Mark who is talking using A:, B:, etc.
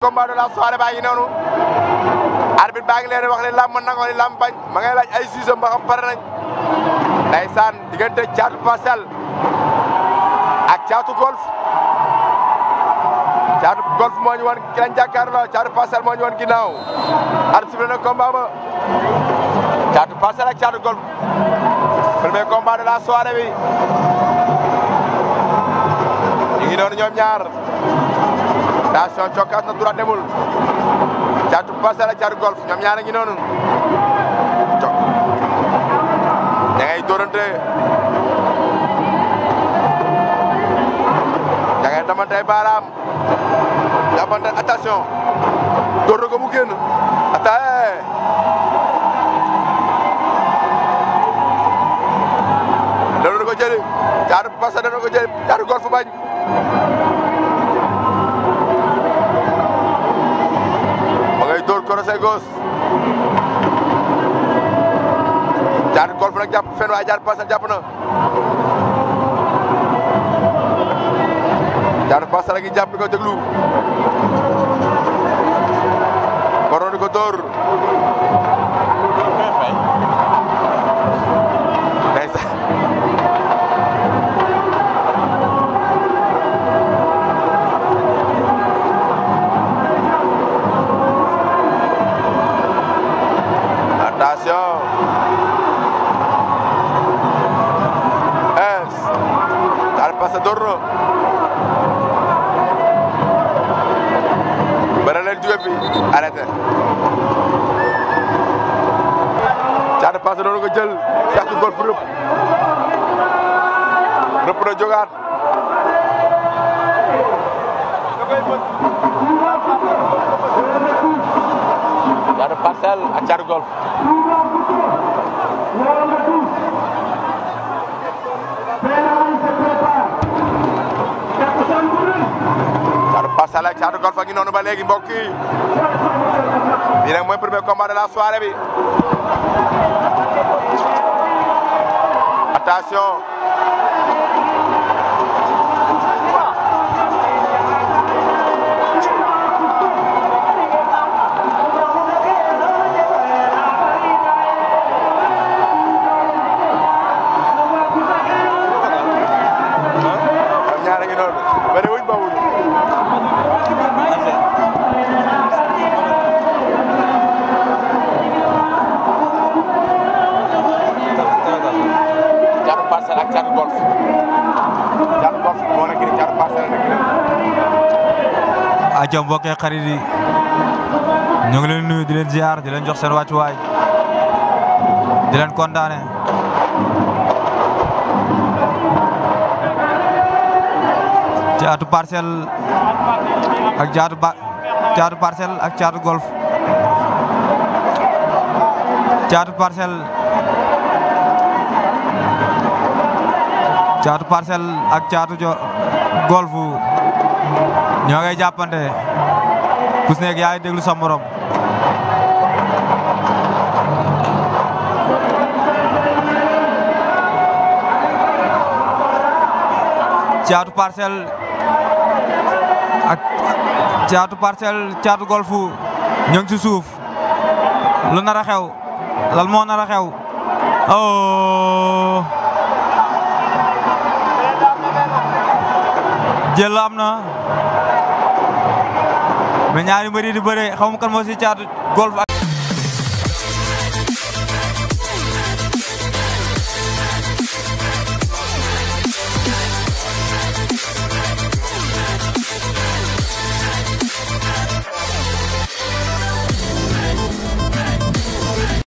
A: combat de la soirée baa ngi noonu arbitre baa ngi leen wax ne làmb nangoo ni làmb bañ ma laaj ay siisam ba xam pare nañ ndeysaan diggante caatu parcelle ak caatu golf caatu golf moo ñu woon ki lañ jàkkaarloo caatu parcelle moo ñu woon ginnaaw arbitre sifflé na combat ba caatu golf premier combat de la soirée bi ñu ngi noonu ñoom ñaar station cokkaas na dura demul jatuh pasal cari golf nyam yang ini nonu jangan itu orang jangan teman tre baram jangan tre atasion doro kamu kena atas eh. Jari pasal dan aku jari golf banyak. gos jaar golf nak japp fen way jaar passal japp na jaar passal gi japp ko deglu corona ko passé ah, Cari pasal orang sax golf gol rep na jogat juga. Cari pasal tiar gol. Sala caatu golf a ngi noonu ba léegi mbokk yi bii nag mooy premier combat de la soirée bi attention
B: aca mbokkee xarit yi di leen ziar di leen jox seen wàccuwaay di leen kontaane caatu parcelle ak caatu ba ak caatu golf caatu parcelle ak caatu golf ñoo ngay jàppante ku si nekk yaa ngi déglu sa morom caatu parcelle ci atu parcelle caatu golfu ñoo ngi ci suuf lu nar a xew lan moo a xew oh jël am na mais ñaari mbër yi di bëre xaw ma kan moo si caatu golf